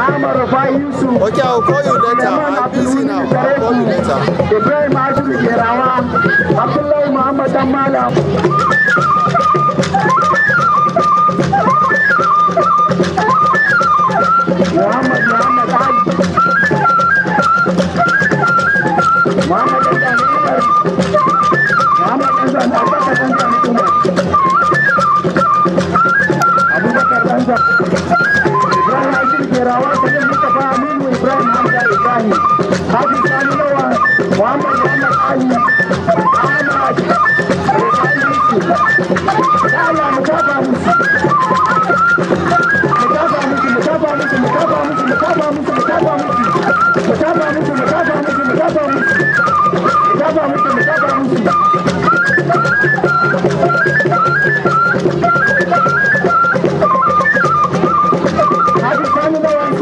Muhammad Rufai Yusuf. Okay, I'll call you later. I'm busy now. I'll call you later. Ibrahim Ashmi Kerawa. Abdullah Muhammad Amala. Muhammad Muhammad Ali. Muhammad Abubakar Hassan Abubakar Hassan. kerawa sanin mustapha aminu ibrahim hamza ibrahim hafi sani lawa muhammad muhammad ali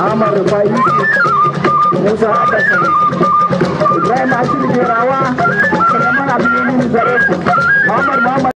Ama do país, nos abraça. Ibrahim Assis Guerrawa